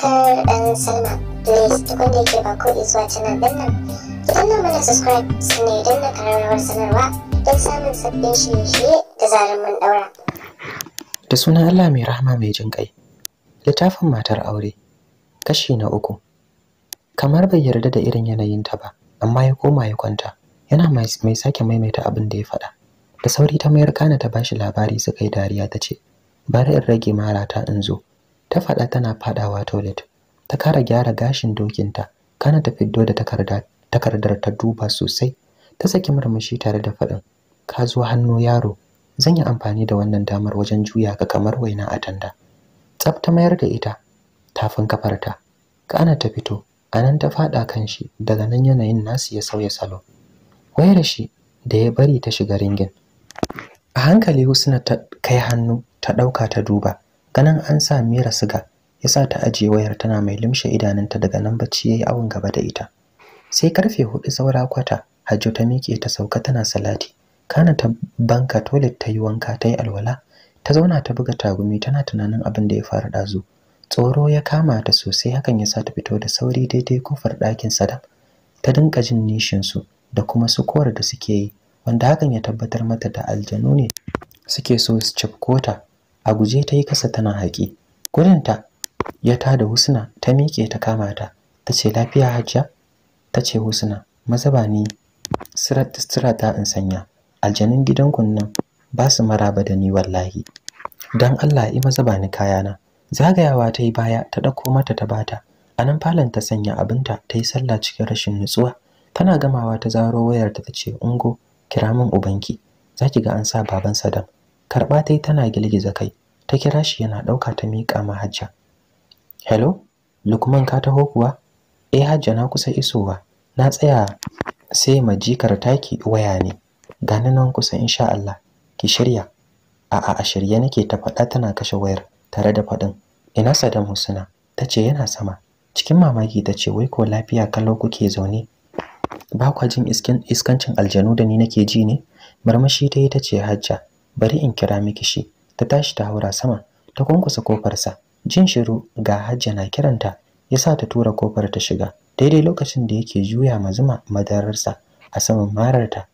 subscribe and sign up. Please da suna ba ko subscribe kararrawar sanarwa don samun sabbin da sunan Allah mai rahama mai jin kai. Littafin matar aure. Kashi na uku. Kamar bai yarda da irin yanayinta ba, amma ya koma ya kwanta. Yana mai sake maimaita abin da ya faɗa. Da sauri ta mayar kana ta bashi labari suka yi dariya ta ce, bari in rage marata in zo ta faɗa tana faɗawa toilet ta kara gyara gashin dokinta kana ta fiddo da takarda takardar ta duba sosai ta saki murmushi tare da faɗin ka zo hannu yaro zan yi amfani da wannan damar wajen juya ka kamar waina a tanda tsaf mayar da ita tafin kafarta kana ta fito a nan ta faɗa kan shi daga nan yanayin nasu ya sauya salo wayar shi da ya bari ta shiga ringin a hankali husna ta kai hannu ta ɗauka ta duba ganin an sa Mira suga, ya sa ta ajiye wayar tana mai limshe idanunta daga nan bacci yi awon gaba da ita sai karfe hudu saura kwata hajjo ta miƙe ta sauka tana salati kana ta banka toilet ta yi wanka ta yi alwala ta zauna ta buga tagumi tana tunanin abin da ya fara dazu tsoro ya kama ta sosai hakan ya sa ta fito da sauri daidai kofar ɗakin sadam ta dinka jin nishinsu da kuma sukuwar da suke yi wanda hakan ya tabbatar mata da aljanu ne suke so su cafko ta a guje ta yi kasa tana haƙi gudunta ya ta da husna ta miƙe ta kama ta ta ce lafiya hajja ta ce husna Mazaba ni ta in sanya aljanin gidan nan ba su maraba da ni wallahi Don Allah yi maza ba ni kayana zagayawa ta yi baya ta ɗauko mata ta bata a nan falon ta sanya abinta ta yi sallah cikin rashin nutsuwa tana gamawa ta zaro wayarta ta ce ungo kira min ubanki za ki ga an sa baban sadam karɓa ta tana gilgiza kai ta kira shi yana ɗauka ta mika ma hajja hello lukman ka taho kuwa eh hajja na kusa isowa na tsaya sai majikar taki waya ne gani nan kusa insha Allah ki shirya a'a a shirye nake ta faɗa tana kashe wayar tare da faɗin ina Saddam musuna tace yana sama cikin mamaki tace wai ko lafiya kallo kuke zaune ba kwa jin iskancin aljanu da ni nake ji ne marmashi ta yi tace hajja bari in kira miki shi ta tashi ta haura sama ta kwankwasa kofarsa jin shiru ga hajja na kiranta ya sa ta tura kofar ta shiga daidai lokacin da yake juya mazuma madararsa a saman mararta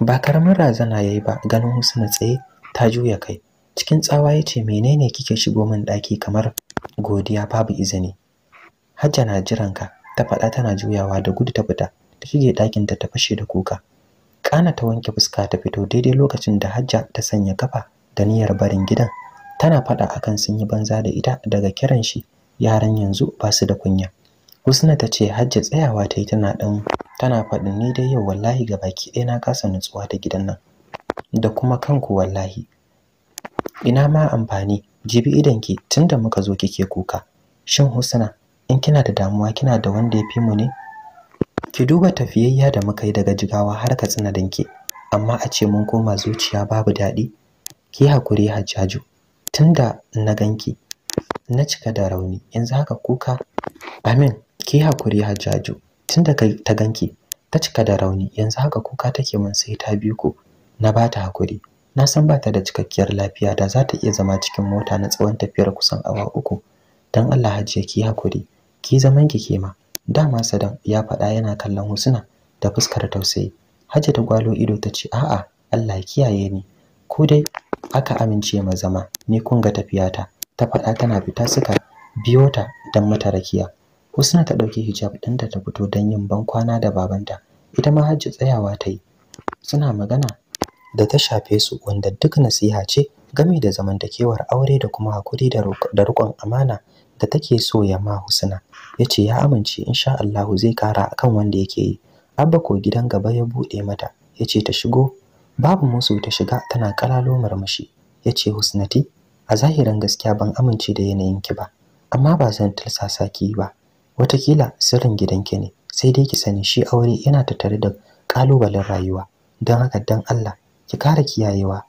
ba karamin razana ya yi ba ganin husna tsaye ta juya kai cikin tsawa ya ce menene kike shigo min ɗaki kamar godiya babu izini hajja na jiranka ta faɗa tana juyawa da gudu ta fita ta shige ɗakinta ta fashe da kuka kana ta wanke fuska ta fito daidai lokacin da hajja ta sanya kafa da niyyar barin gidan tana faɗa akan sun yi banza da ita daga kiran shi yaran yanzu ba su da kunya husna ta ce hajja tsayawa ta yi tana ɗan tana faɗin ni dai yau wallahi ga baki ɗaya na kasa nutsuwa ta gidan nan da kuma kanku wallahi ina ma amfani jibi idan ki tunda muka zo kike kuka shin husna in kina da damuwa kina da wanda ya fi mu ne ki duba tafiyayya da muka yi daga jigawa har katsina danke amma a ce mun koma zuciya babu daɗi ki hakuri hajjaju tunda na ganki na cika da rauni yanzu haka kuka amin ki hakuri hajjaju tunda ta ganki ta cika da rauni yanzu haka kuka take mun sai ta biyu ku na ba ta hakuri na san ba ta da cikakkiyar lafiya da za ta iya zama cikin mota na tsawon tafiyar kusan awa uku dan Allah hajiya ki hakuri ki zaman ki kema dama sadan ya faɗa yana kallon husna da fuskar tausayi hajja ta gwalo ido ta ce a'a Allah ya kiyaye ni ko dai aka amince ma zama ni kun ga tafiyata ta faɗa tana fita suka biyo ta don mata rakiya husna ta ɗauki hijab da ta fito don yin bankwana da babanta ita ma hajji tsayawa ta yi suna magana da ta shafe su wanda duk nasiha ce game da zamantakewar aure da kuma hakuri da riƙon amana da take so ya ma husna ya ce ya amince insha Allahu zai kara akan wanda yake yi abba ko gidan gaba ya bude mata ya ce ta shigo babu musu ta shiga tana kalalo marmashi ya ce husnati a zahirin gaskiya ban amince da yanayin ki ba amma ba zan tilsasa ki ba watakila sirrin gidanki ne sai dai ki sani shi aure yana tattare da kalubalen rayuwa don haka dan Allah ki kara kiyayewa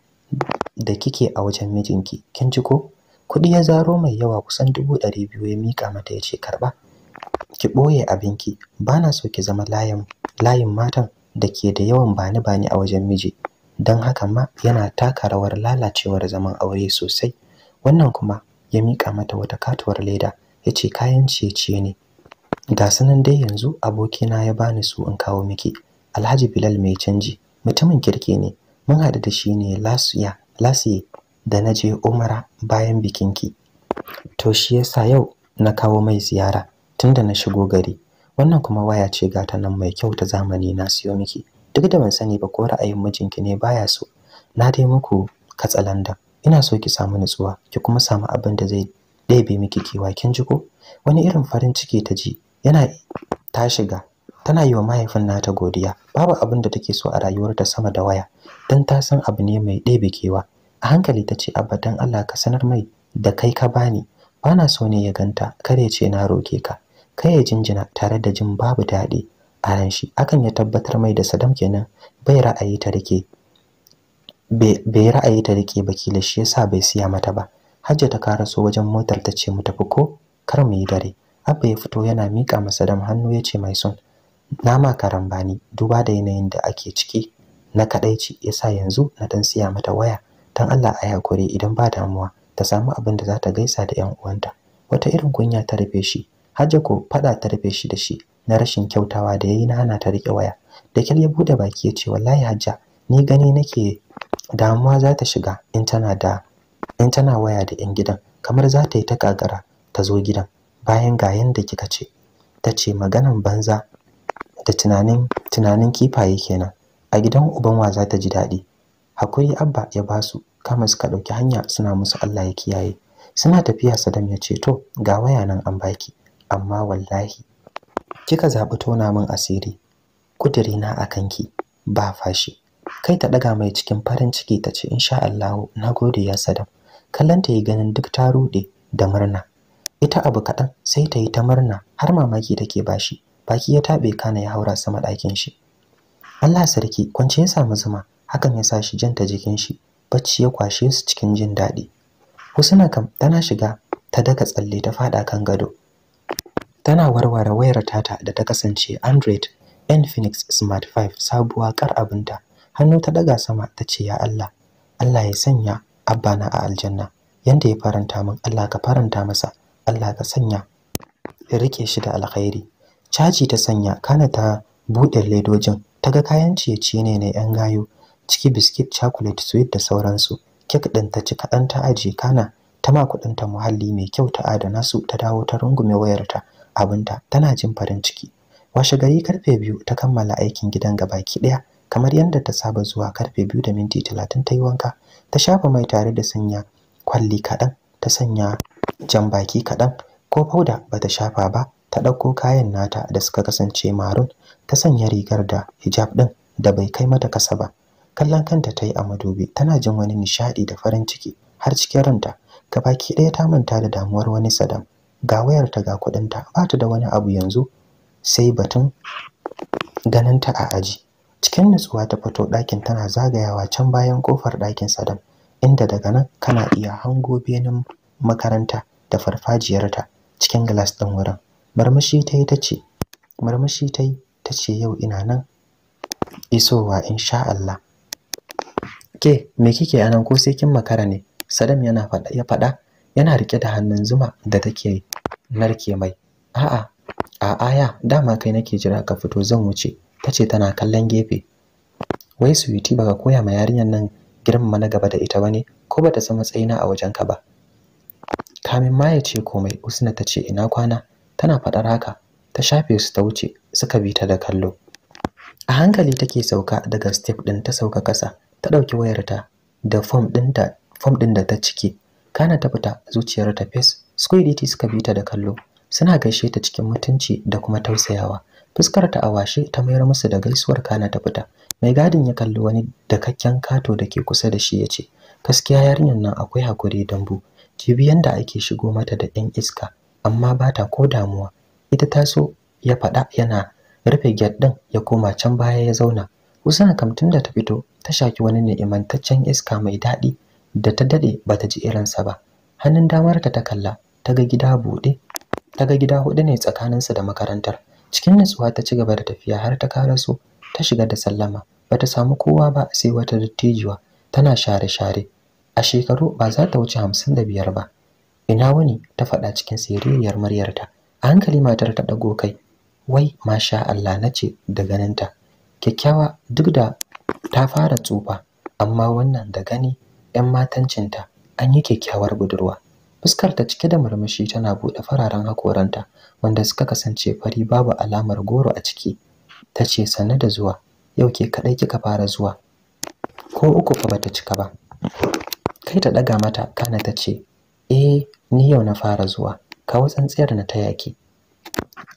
da kike a wajen mijinki kin ji ko kuɗi ya zaro mai yawa kusan dubu ɗari biyu ya mika mata ya ce karɓa ki ɓoye abinki bana so ki zama layin matan da ke da yawan bani bani a wajen miji don haka ma yana taka rawar lalacewar zaman aure sosai wannan kuma ya miƙa mata wata katuwar leda ya ce kayan ciye-ciye ne ga sanan dai yanzu abokina ya bani su in kawo miki alhaji bilal mai canji mutumin kirki ne mun haɗu da shi ne lasiya da na je umara bayan bikinki to shi yasa yau na kawo mai ziyara tunda na shigo gari wannan kuma waya ce gata nan mai kyau ta zamani na siyo miki duk da ban sani ba ko ra'ayin mijinki ne baya so na dai muku katsalandan ina so ki samu nutsuwa ki kuma samu abin da zai ɗebe miki kewa kin ji ko wani irin farin ciki ta ji yana ta shiga tana yi wa mahaifin nata godiya babu abin da take so a rayuwarta sama da waya Dan ta san abu ne mai ɗebe kewa a hankali ta ce abadan Allah ka sanar mai da kai ka bani bana so ne ya ganta kare ce na roke ka kai ya jinjina tare da jin babu daɗi a ran shi akan ya tabbatar mai da sadam kenan bai ra'ayi ta rike bai ra'ayi ta rike ba kila shi yasa bai siya mata ba Hajja ta so wajen motar ta ce mu tafi ko kar mu yi dare Abba ya fito yana miƙa masa sadam hannu ya ce mai son Na nama karambani duba da yanayin da ake ciki na kadaici yasa yanzu na dan siya mata waya dan Allah a hakuri idan ba damuwa ta samu abin da za ta gaisa da 'yan uwanta wata irin kunya ta rufe shi Hajja ko faɗa ta rufe shi da shi na rashin kyautawa da yayi na hana ta rike waya. Da kyal ya bude baki ya ce wallahi Hajja ni gani nake damuwa za ta shiga in tana da in tana waya da yan gidan kamar za ta yi ta kagara ta zo gidan bayan ga yanda kika ce ta ce maganan banza da tunanin tunanin kifaye kenan a gidan uban wa za ta ji daɗi hakuri abba ya basu kama suka ɗauki hanya suna musu Allah ya kiyaye suna tafiya Sadam ya ce to ga waya nan an baki amma wallahi kika zaɓi tona min asiri na a kanki ba fashi kai ta ɗaga mai cikin farin ciki ta ce insha Allahu na gode ya sadam kallanta yi ganin duk ta rude. da murna ita abu kaɗan sai ta yi ta murna har mamaki take bashi baki ya taɓe kana ya haura sama ɗakin shi Allah sarki kwance ya samu zuma hakan ya sa shi janta jikin shi bacci ya kwashe su cikin jin daɗi Husna kam tana shiga ta daga tsalle ta faɗa kan gado tana warware wayar tata da ta kasance Android Infinix Smart 5 sabuwa kar abinta hannu ta daga sama ta ce ya Allah Allah ya sanya abbana a aljanna yanda ya faranta min Allah ka faranta masa Allah ka sanya ya rike shi da alkhairi caji ta sanya kana ta buɗe ledojin ta ga kayan ciye-ciye ne na 'yan gayo ciki biskit chocolate sweet da sauransu kek ɗin ta ci kaɗan ta ajiye kana ta ma ta muhalli mai kyau ta adana su ta dawo ta rungume wayarta abinta tana jin farin ciki washe gari karfe biyu ta kammala aikin gidan gabaki daya kamar yadda ta saba zuwa karfe biyu da minti talatin ta yi wanka ta shafa mai tare da sanya kwalli kaɗan ta sanya jan baki kaɗan ko fauda ba ta shafa ba ta ɗauko kayan nata da suka kasance marun ta sanya rigar da hijab ɗin da bai kai mata kasa ba kallon kanta ta yi a madubi tana jin wani nishaɗi da farin ciki har cikin ranta gabaki ɗaya ta manta da damuwar wani sadam ga wayarta ga kuɗinta ba ta da wani abu yanzu sai batun ganinta a aji cikin nutsuwa ta fito ɗakin tana zagayawa can bayan kofar ɗakin sadam inda daga nan kana iya hango benin makaranta da farfajiyarta cikin glass ɗin wurin marmashi ta yi ta ce ta yi ta yau ina nan isowa insha Allah ke me kike anan ko sai kin makara ne sadam yana faɗa ya faɗa yana rike da hannun zuma da take narke mai a'a a aya dama kai nake jira ka fito zan wuce tace tana kallon gefe wai sweetie baka koya ma yarinyar nan girmama na gaba da ita ba ne, ko ba ta san matsayina a wajenka ba kamin ma ya ce komai usna ta ce ina kwana tana faɗar haka ta shafe su ta wuce suka bi ta da kallo a hankali take sauka daga step ɗin ta sauka ƙasa, ta ɗauki wayarta da da fom ɗin da ta cike kana ta fita zuciyar ta fes squidity suka bi ta da kallo suna gaishe ta cikin mutunci da kuma tausayawa fuskar ta a washe ta mayar musu da gaisuwar kana ta fita mai gadin ya kalli wani dakakken kato da ke kusa da shi ya ce gaskiya yarinyar nan akwai hakuri dambu jibiyan da ake shigo mata da ɗan iska amma ba ta ko damuwa ita ta so ya faɗa yana rufe gate ɗin ya koma can baya ya zauna Usana kam tun da ta fito ta shaki wani ni'imantaccen iska mai daɗi da ta dade ta ji irinsa ba hannun damarta ta kalla ta ga gida bude ta ga gida hudu ne tsakaninsu da makarantar cikin nutsuwa ta ci gaba da tafiya har ta karaso ta shiga da sallama Ba ta samu kowa ba sai wata dattijuwa tana share-share a shekaru ba za ta wuce hamsin da biyar ba ina wani ta faɗa cikin siririyar muryarta a hankali matar ta ɗago kai wai masha Allah na ce da ganinta kyakkyawa duk da ta fara tsufa amma wannan da gani 'yan matancinta an yi kyakkyawar budurwa fuskar ta cike da murmushi tana buɗe fararen hakoranta wanda suka kasance fari babu alamar goro a ciki ta ce sannu da zuwa yau ke kaɗai kika fara zuwa ko uku fa bata cika ba kai ta ɗaga mata kana ta ce eh ni yau na fara zuwa kawo tsantsiyar na ta yaki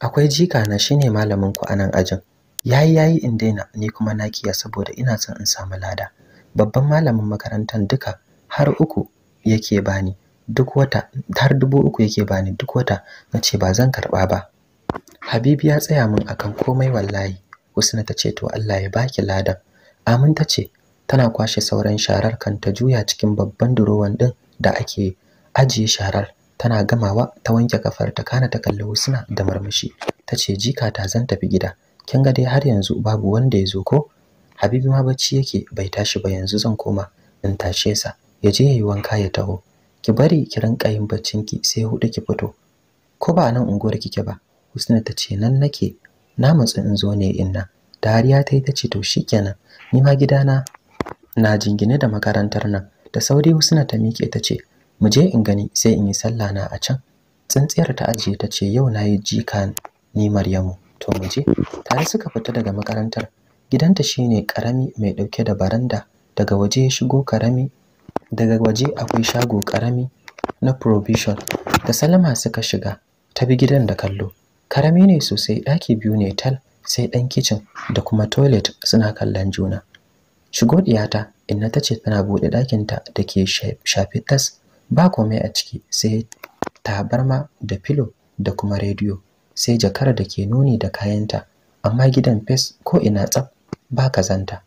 akwai jika na shine malamin ku anan ajin yayi yayi in daina ni kuma na kiya saboda ina son in samu lada babban malamin makarantar duka har uku yake bani duk wata har dubu uku yake bani duk wata na ce ba zan karɓa ba habibu ya tsaya min akan komai wallahi husna ta ce to allah ya baki ladan amin ta ce tana kwashe sauran sharar kan ta juya cikin babban durowan din da ake ajiye sharar tana gamawa ta wanke kafar ta kana ta kalli husna da murmushi. ta ce jika ta zan tafi gida kin ga dai har yanzu babu wanda ya zo ko Habibu ma bacci yake bai tashi ba yanzu zan koma in tashe sa ya je yayi wanka ya taho. Ki bari ki rinka yin baccin ki sai hudu ki fito. Ko ba nan unguwar kike ba? Husna ta ce nan nake na matsu in zo ne inna. Dariya ta yi ta ce to shikenan ni ma gidana na jingine da makarantar nan. Da sauri Husna ta miƙe ta ce mu je in gani sai in yi sallah na a can. Tsintsiyar ta ajiye ta ce yau na yi jika ni Maryamu to mu je. Tare suka fita daga makarantar Gidanta shine karami mai ɗauke da baranda, daga waje ya shigo karami, daga waje akwai shago karami na provision. Da Salama suka shiga, ta bi gidan da kallo. Karami ne sosai, daki biyu ne tal, sai ɗan kicin da kuma toilet suna kallon juna. Shigo diyata, inna tace tana buɗe ɗakinta da ke shafe tas, ba komai a ciki sai tabarma da filo da kuma rediyo, sai jakar da ke nuni da kayanta. Amma gidan fes ko ina tsaf ba kazanta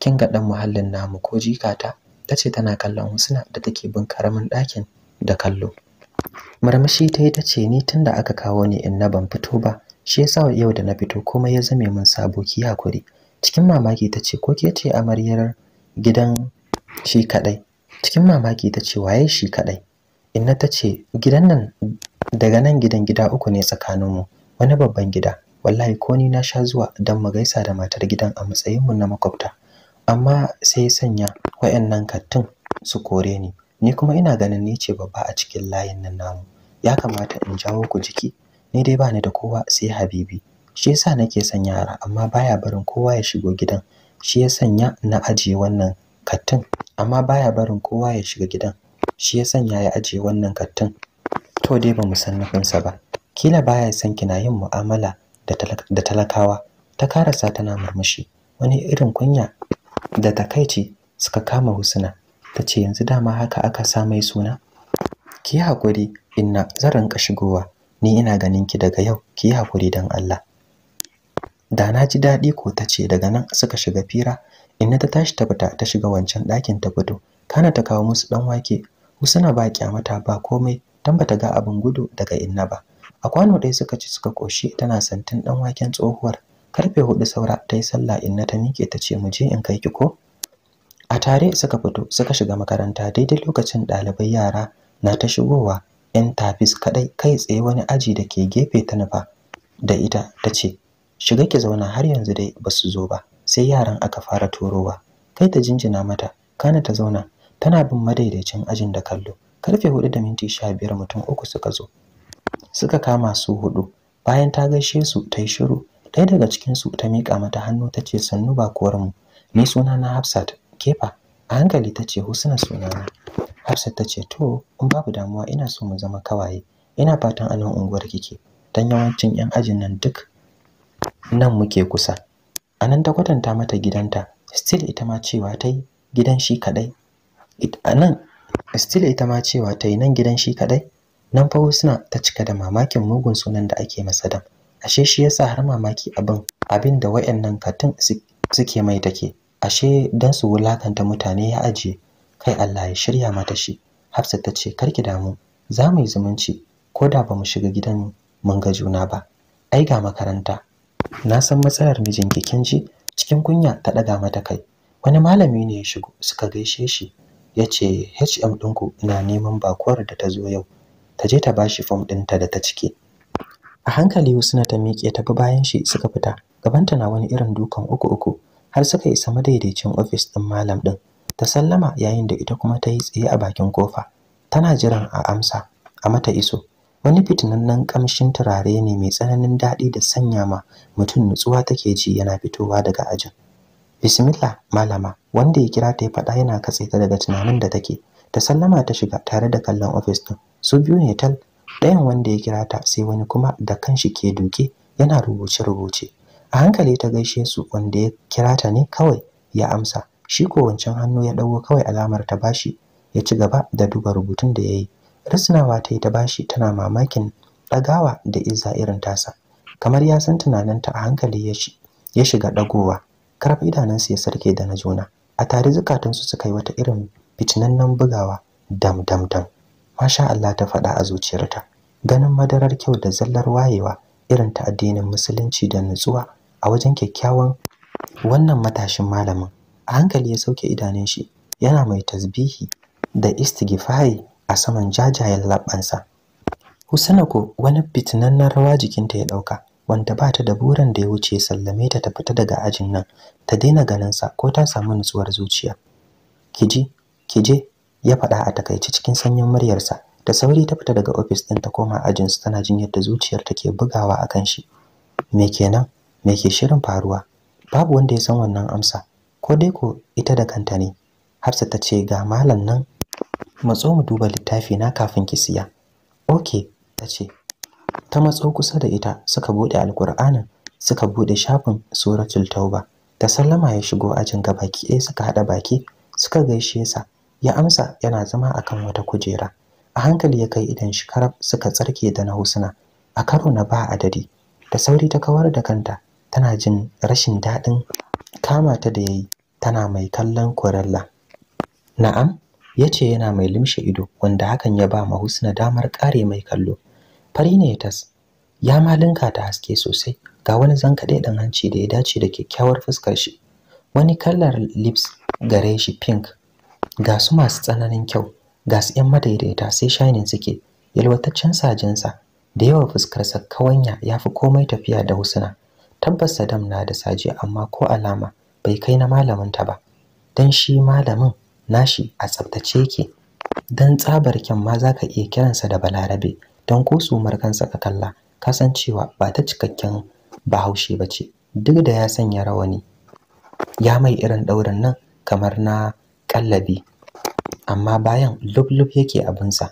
kin ga dan muhallin namu ko jikata tace tana kallon Husna da take bin karamin ɗakin da kallo Marmashi ta yi tace ni tunda aka kawo ni inna ban fito ba shi yasa yau da na fito komai ya zame min saboki hakuri cikin mamaki tace ko ke ce amaryar gidan shi kadai cikin mamaki tace waye shi kadai inna tace gidan nan daga nan gidan gida uku ne tsakaninmu wani babban gida wallahi ko ni na sha zuwa don mu gaisa da matar gidan a matsayinmu na makwabta amma sai sanya wayannan kattun su kore ni ni kuma ina ganin ni ce babba a cikin layin nan namu ya kamata in jawo ku jiki ni dai bani da kowa sai habibi shi yasa nake son yara amma baya barin kowa ya shigo gidan shi ya sanya na ajiye wannan kattun amma baya barin kowa ya shiga gidan shi ya sanya ya ajiye wannan kattun to dai ba mu san nufinsa ba kila baya san kina yin mu'amala da talakawa ta karasa tana murmushi wani irin kunya da takaici suka kama husna ta ce yanzu dama haka aka sa mai suna ki hakuri inna zan rinka shigowa ni ina ganin ki daga yau ki yi hakuri dan Allah da na ji daɗi ko ta ce daga nan suka shiga fira inna ta tashi ta fita ta shiga wancan ɗakin ta fito kana ta kawo musu ɗan wake husna ba kyamata ba komai dan ta ga abin gudu daga inna ba a kwano ɗaya suka ci suka koshi tana santin dan waken tsohuwar karfe hudu saura ta yi sallah inna ta miƙe ta ce mu je in kai ki ko a tare suka fito suka shiga makaranta daidai lokacin ɗalibai yara na ta shigowa yan tafis kadai kai tsaye wani aji da ke gefe ta nufa da ita ta ce shiga ki zauna har yanzu dai ba su zo ba sai yaran aka fara turowa kai ta jinjina mata kana ta zauna tana bin madaidaicin ajin da kallo karfe hudu da minti sha biyar mutum uku suka zo suka kama su hudu bayan ta gaishe su ta yi shiru ɗaya daga cikin su ta miƙa mata hannu ta ce sannu ba mu ni suna na hafsat kefa a hankali ta ce husna suna na hafsat ta ce to in babu damuwa ina so mu zama kawaye ina fatan anan unguwar kike dan yawancin yan ajin nan duk nan muke kusa a nan ta kwatanta mata gidanta still ita ma cewa ta yi gidan shi a nan still ita ma cewa ta yi nan gidan shi kaɗai nan fa Husna ta cika da mamakin mugun sunan da ake masa dam ashe shi yasa har mamaki abin abin da wayannan katun suke mai take ashe dan su wulakanta mutane ya aje kai Allah ya shirya mata shi Hafsat ta ce karki damu za mu yi zumunci ko da ba mu shiga gidan mun ga juna ba ai ga makaranta na san matsalar mijinki kin ji cikin kunya ta daga mata kai wani malami ne ya shigo suka gaishe shi ya ce HM ɗinku na neman bakuwar da ta zo yau ta je ta bashi fom ɗinta da ta cike a hankali Husna ta miƙe ta bi bayan shi suka fita gabanta na wani irin dukan uku uku har suka isa madaidaicin ofis ɗin malam ɗin ta sallama yayin da ita kuma ta yi tsaye a bakin kofa tana jiran a amsa a mata iso wani fitinannen kamshin turare ne mai tsananin daɗi da sanya ma mutum nutsuwa take ji yana fitowa daga ajin bismillah malama wanda ya kira ta ya faɗa yana katse ta daga tunanin da take ta sallama ta shiga tare da kallon ofis ɗin su biyu ne tal ɗayan wanda ya kira ta sai wani kuma da kanshi ke doke, yana rubuce-rubuce a hankali ta gaishe su wanda ya kira ta ne kawai ya amsa shi ko wancan hannu ya ɗago kawai alamar ta bashi ya ci gaba da duba rubutun da ya yi risnawa ta yi ta bashi tana mamakin ɗagawa da izza irin tasa kamar ya san tunaninta a hankali ya shiga ɗagowa karf idanunsu ya sarke da na juna a tare zukatansu suka yi wata irin fitinannen bugawa dam dam dam masha Allah ta faɗa a zuciyarta ganin madarar kyau da zallar wayewa irin ta addinin musulunci da nutsuwa a wajen kyakkyawan wannan matashin malamin a hankali ya sauke idanun shi yana mai tasbihi da istighfari a saman jajayen labbansa ko wani fitinannen rawa jikinta ya dauka wanda ba ta da burin da ya wuce sallame ta ta fita daga ajin nan ta daina ganin sa ko ta samu nutsuwar zuciya kiji kije ya faɗa a takaice cikin sanyin muryarsa da sauri ta fita daga ofis ɗin ta koma ajin su tana jin yadda zuciyar take bugawa a kan shi me kenan me ke shirin faruwa babu wanda ya san wannan amsa ko dai ko ita da kanta ne harsa ta ce ga malam nan matso mu duba littafi na kafin ki siya okay ta ce ta matso kusa da ita suka bude alkur'anin suka bude shafin suratul tauba da sallama ya shigo ajin gabaki ɗaya suka hada baki suka gaishe sa ya amsa yana zama akan wata kujera a hankali ya kai idan shi karab suka tsarke da na husna a karo na ba adadi da sauri ta kawar da kanta tana jin rashin daɗin kama ta da yayi tana mai kallon kurella na'am ya ce yana mai limshe ido wanda hakan ya ba mahusna damar kare mai kallo fari ne tas ya malinka ta haske sosai ga wani zankaɗe ɗan hanci da ya dace da kyakkyawar fuskar shi wani kalar lips gare shi pink ga su masu tsananin kyau ga su 'yan madaidaita sai shainin suke yalwataccen sajinsa da yawa fuskarsa kawanya ya fi komai tafiya da husuna tabbas sadam na da saji, amma ko alama bai kai na malamin ta ba dan shi malamin nashi a tsaftace yake Don tsabar kyan ma ka iya kiransa da balarabe don ko sumar kansa ka kalla kasancewa ba ta cikakken bahaushe ba ce. duk da ya sanya rawani ya mai irin daurin nan kamar na Ƙallabi. amma bayan lub-lub lublub yake abinsa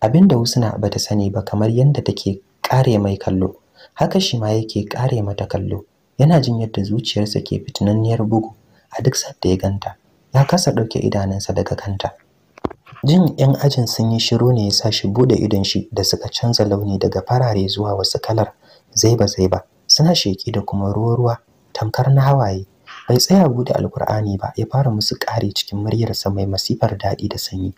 abinda ba bata sani ba kamar yadda take kare mai kallo haka shi ma yake kare mata kallo yana jin yadda zuciyarsa ke fitinanniyar bugu a duk sanda ya ganta ya kasa ɗauke idanunsa daga kanta jin yan ajin sun yi shiru ne ya sa shi bude idon shi da suka canza launi daga farare zuwa wasu kalar zaiba zaiba suna sheki da kuma ruwa ruwa tamkar na hawaye bai tsaya bude alkur'ani ba ya fara musu kare cikin muryarsa mai masifar daɗi da sanyi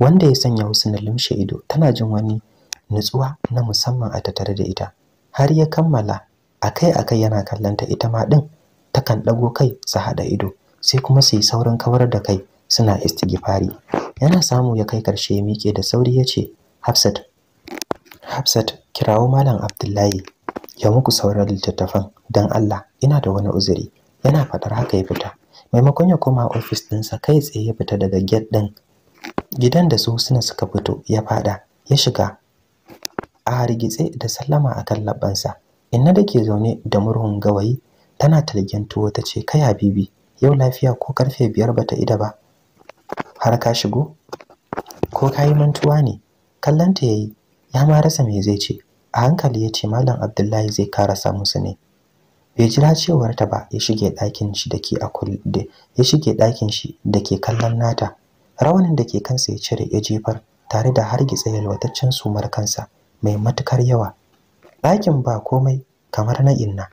wanda ya sanya na limshe ido tana jin wani nutsuwa na musamman a tattare da ita har ya kammala akai-akai yana kallanta ita ma ɗin takan dago kai su hada ido sai kuma su yi saurin kawar da kai suna istighfari yana samu ya kai karshe ya mike da sauri ya ce hafsat hafsat kirawo malam abdullahi ya muku sauran littattafan don allah ina da wani uzuri yana fadar haka ya fita maimakon ya koma ofis ɗinsa kai tsaye ya fita daga gate ɗin gidan da su suna suka fito ya fada ya shiga a hargitse da sallama akan labbansa inna dake zaune da murhun gawayi tana talgen tuwo ta ce kai habibi yau lafiya ko karfe biyar bata ida ba har ka shigo ko ka mantuwa ne kallanta yayi ya ma rasa me zai ce a hankali ya ce malam abdullahi zai karasa musu ne bai jira cewar ta ba ya shige ɗakin shi dake a kulle ya shige ɗakin shi dake kallon nata rawanin da ke kansa ya cire ya jefar tare da gitsa yalwataccen sumar kansa mai matukar yawa ɗakin ba komai kamar na inna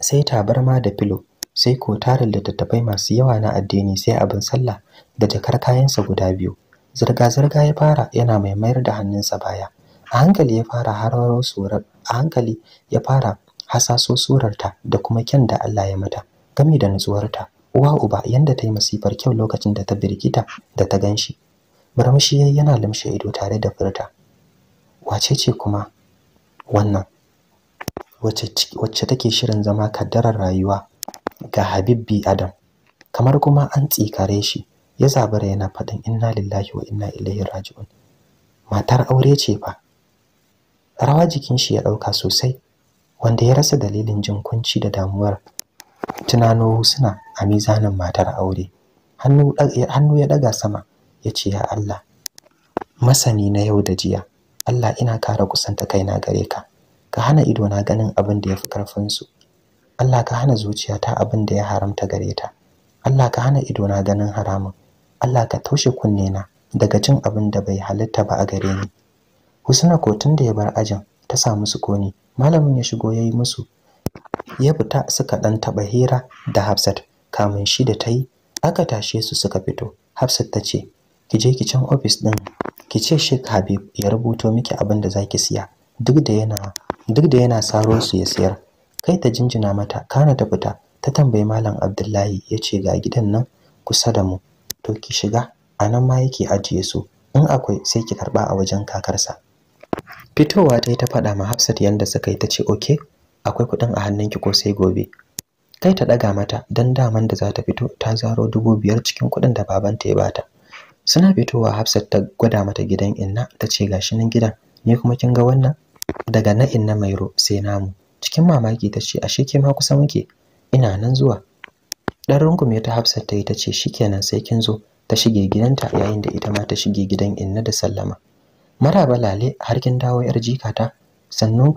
sai tabarma da filo sai ko tarin littattafai masu yawa na addini sai abin sallah da jakar kayansa guda biyu zirga-zirga ya fara yana mai mayar da hannunsa baya a hankali ya fara hararo surar a hankali ya fara hasaso surarta da kuma kyan da Allah ya mata game da nutsuwarta uwa uba yanda ta yi masifar kyau lokacin da ta birgita da ta ganshi murmushi yayi yana limshe ido tare da furta wace ce kuma wannan wacce take shirin zama kaddarar rayuwa ga Habibbi Adam kamar kuma an tsikare shi ya zabara yana faɗin inna lillahi wa inna ilaihi raji'un matar aure ce fa rawa jikin shi ya ɗauka sosai wanda ya rasa dalilin jin kunci da damuwar tunano suna a mizanin matar aure hannu ya daga sama ya ce ya Allah masani na yau da jiya Allah ina kara kusanta kaina gare ka ka hana ido na ganin abin da yafi karfin su Allah ka hana zuciyata abin da ya haramta gare ta Allah ka hana ido na ganin haramun Allah ka taushe kunnena daga cin abin da bai halitta ba a gare ni Husna ko tun da ya bar ajin ta samu sukuni malamin ya shigo ya yi musu ya fita suka ɗan taɓa hira da hafsat kamun shi da ta aka tashe su suka fito hafsat ta ce ki je ki can ofis ɗin ki ce Sheikh Habib ya rubuto miki abin da zaki siya duk da yana duk da yana saro su ya siyar kai ta jinjina mata kana ta fita ta tambayi malam Abdullahi ya ce ga gidan nan kusa da mu to ki shiga anan ma yake ajiye su in akwai sai ki karba a wajen kakarsa fitowa ta yi ta faɗa ma hafsat yadda suka yi ta ce oke akwai kuɗin a hannunki ko sai gobe kai ta ɗaga mata don daman da za ta fito ta zaro dubu biyar cikin kuɗin da babanta ya bata suna fitowa hafsat ta gwada mata gidan inna ta ce gashi nan gidan ni kuma kin ga wannan daga na inna mairo sai namu cikin mamaki ta ce ashe ke ma kusa muke ina nan zuwa dan rungume ta hafsat ta yi ta ce shikenan sai kin zo ta shige gidanta yayin da ita ma ta shige gidan inna da sallama maraba lale har kin dawo yar jikata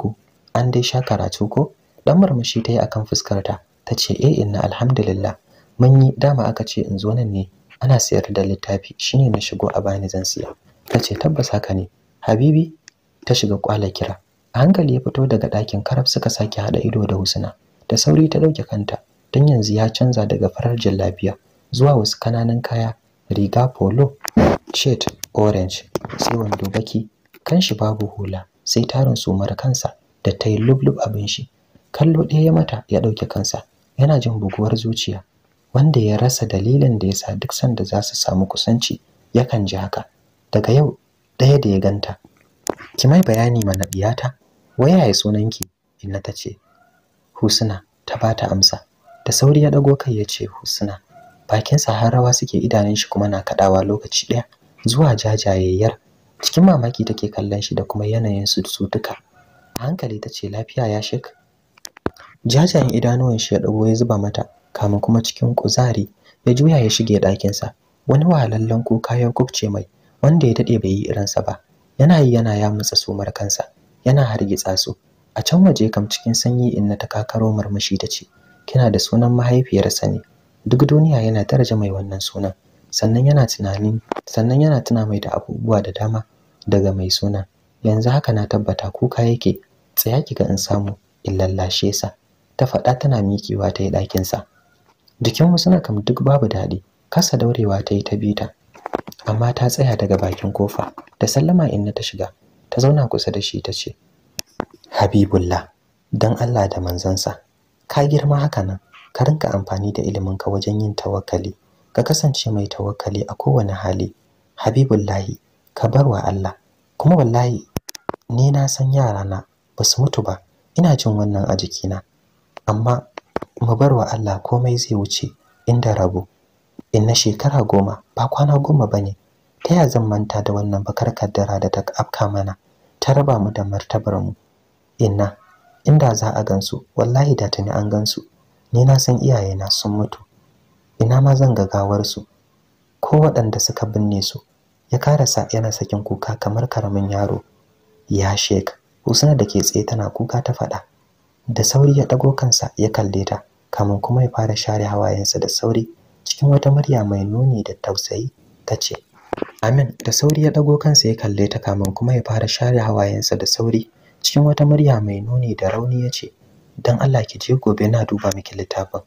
ku an dai sha karatu ko dan murmushi ta yi akan fuskarta ta ce eh inna alhamdulillah mun yi dama aka ce in zo nan ne ana sayar da littafi shine na shigo a bani zan siya tace ce tabbas haka ne habibi ta shiga kwala kira a hankali ya fito daga ɗakin karaf suka sake haɗa ido da husna da sauri ta ɗauke kanta don yanzu ya canza daga farar jallabiya zuwa wasu kananan kaya riga polo shirt orange sai wando baki kanshi babu hula sai tarin sumar kansa da ta yi lublub abin shi kallo ɗaya ya mata ya ɗauke kansa yana jin buguwar zuciya wanda ya rasa dalilin da ya sa duk sanda za su samu kusanci yakan ji haka daga yau ɗaya da ya ganta ki mai bayani mana iyata waya ya sunanki inna ta ce husna ta bata amsa da sauri ya ɗago kai ya ce husna bakinsa har rawa suke idanun shi kuma na kaɗawa lokaci ɗaya zuwa jajayayyar cikin mamaki take kallon shi da kuma yanayin su duka a hankali ta ce lafiya ya shek jajayen idanuwan shi ya dago ya zuba mata kamun kuma cikin kuzari ya juya ya shige ɗakinsa wani wahalallen kuka ya kubce mai wanda ya daɗe bai yi irinsa ba yana yi yana ya su sumar kansa yana hargitsa su a can waje kam cikin sanyi inna ta kakaro murmushi ta ce kina da sunan mahaifiyarsa ne duk duniya yana daraja mai wannan sunan sannan yana tunanin sannan yana tuna mai da abubuwa da dama daga mai suna yanzu haka na tabbata kuka yake tsaya kiga in samu in lallashe sa ta faɗa tana miƙewa ta yi ɗakinsa. sa jikin wasu kam duk babu daɗi kasa daurewa ta yi ta bita amma ta tsaya daga bakin kofa da sallama inna ta shiga ta zauna kusa da shi ta ce habibullah don allah da manzansa ka girma haka nan ka rinka amfani da iliminka wajen yin tawakkali ka kasance mai tawakkali a kowane hali habibullahi ka bar wa Allah kuma wallahi ni na san yarana ba su mutu ba ina jin wannan a jikina amma mu bar wa Allah komai zai wuce inda rabu. Inna na shekara goma ba kwana goma bane ta ya zan manta da wannan bakar kaddara da ta afka mana ta raba mu da martabar mu inna inda za a gansu wallahi da tuni an gansu ni na san iyayena sun mutu ina ma zan ga gawarsu ko waɗanda suka binne su ya karasa yana sakin kuka kamar karamin yaro ya shek husna da ke tsaye tana kuka ta faɗa da sauri ya ɗago kansa ya kalle ta kamun kuma ya fara share hawayensa da sauri cikin wata murya mai nuni da tausayi ta ce amin da sauri ya ɗago kansa ya kalle ta kamun kuma ya fara share hawayensa da sauri cikin wata murya mai nuni da rauni ya ce don allah ki je gobe na duba miki littafin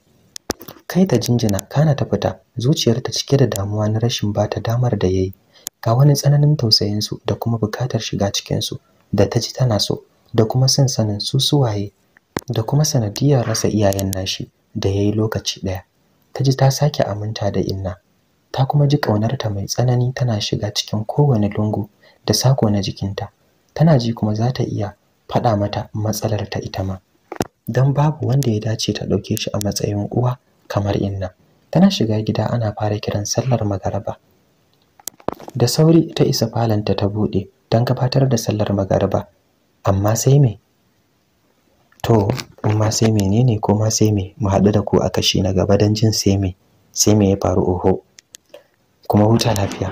kai ta jinjina kana ta fita zuciyarta cike da damuwa na rashin bata damar da yayi ga wani tsananin tausayin su da kuma bukatar shiga cikinsu da ta ji tana so da kuma son sanin su suwaye da kuma sanadiyar rasa iyayen nashi da yayi lokaci ɗaya ta ji ta sake aminta da inna ta kuma ji ƙaunarta mai tsanani tana shiga cikin kowane lungu da sako na jikinta tana ji kuma za ta iya faɗa mata matsalar ta ita ma dan babu wanda ya dace ta ɗauke shi a matsayin uwa kamar inna tana shiga gida ana fara kiran sallar magaraba da sauri ta isa falanta ta buɗe don gabatar da sallar magaraba amma sai me to amma sai menene ko ma sai me mu haɗu da ku a kashi na gaba don jin sai me sai me ya faru oho kuma huta lafiya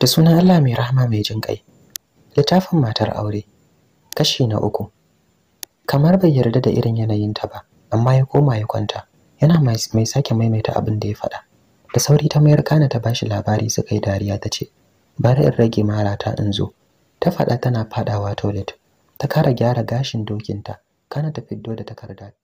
da sunan Allah mai rahama mai jin kai littafin matar aure kashi na uku kamar bai yarda da irin yanayinta ba amma ya koma ya kwanta yana mai sake maimaita abin da ya faɗa da sauri ta mayar kana ta bashi labari suka yi dariya ta ce bari in rage marata in zo ta faɗa tana faɗawa toilet ta kara gyara gashin dokinta kana ta fiddo da takardar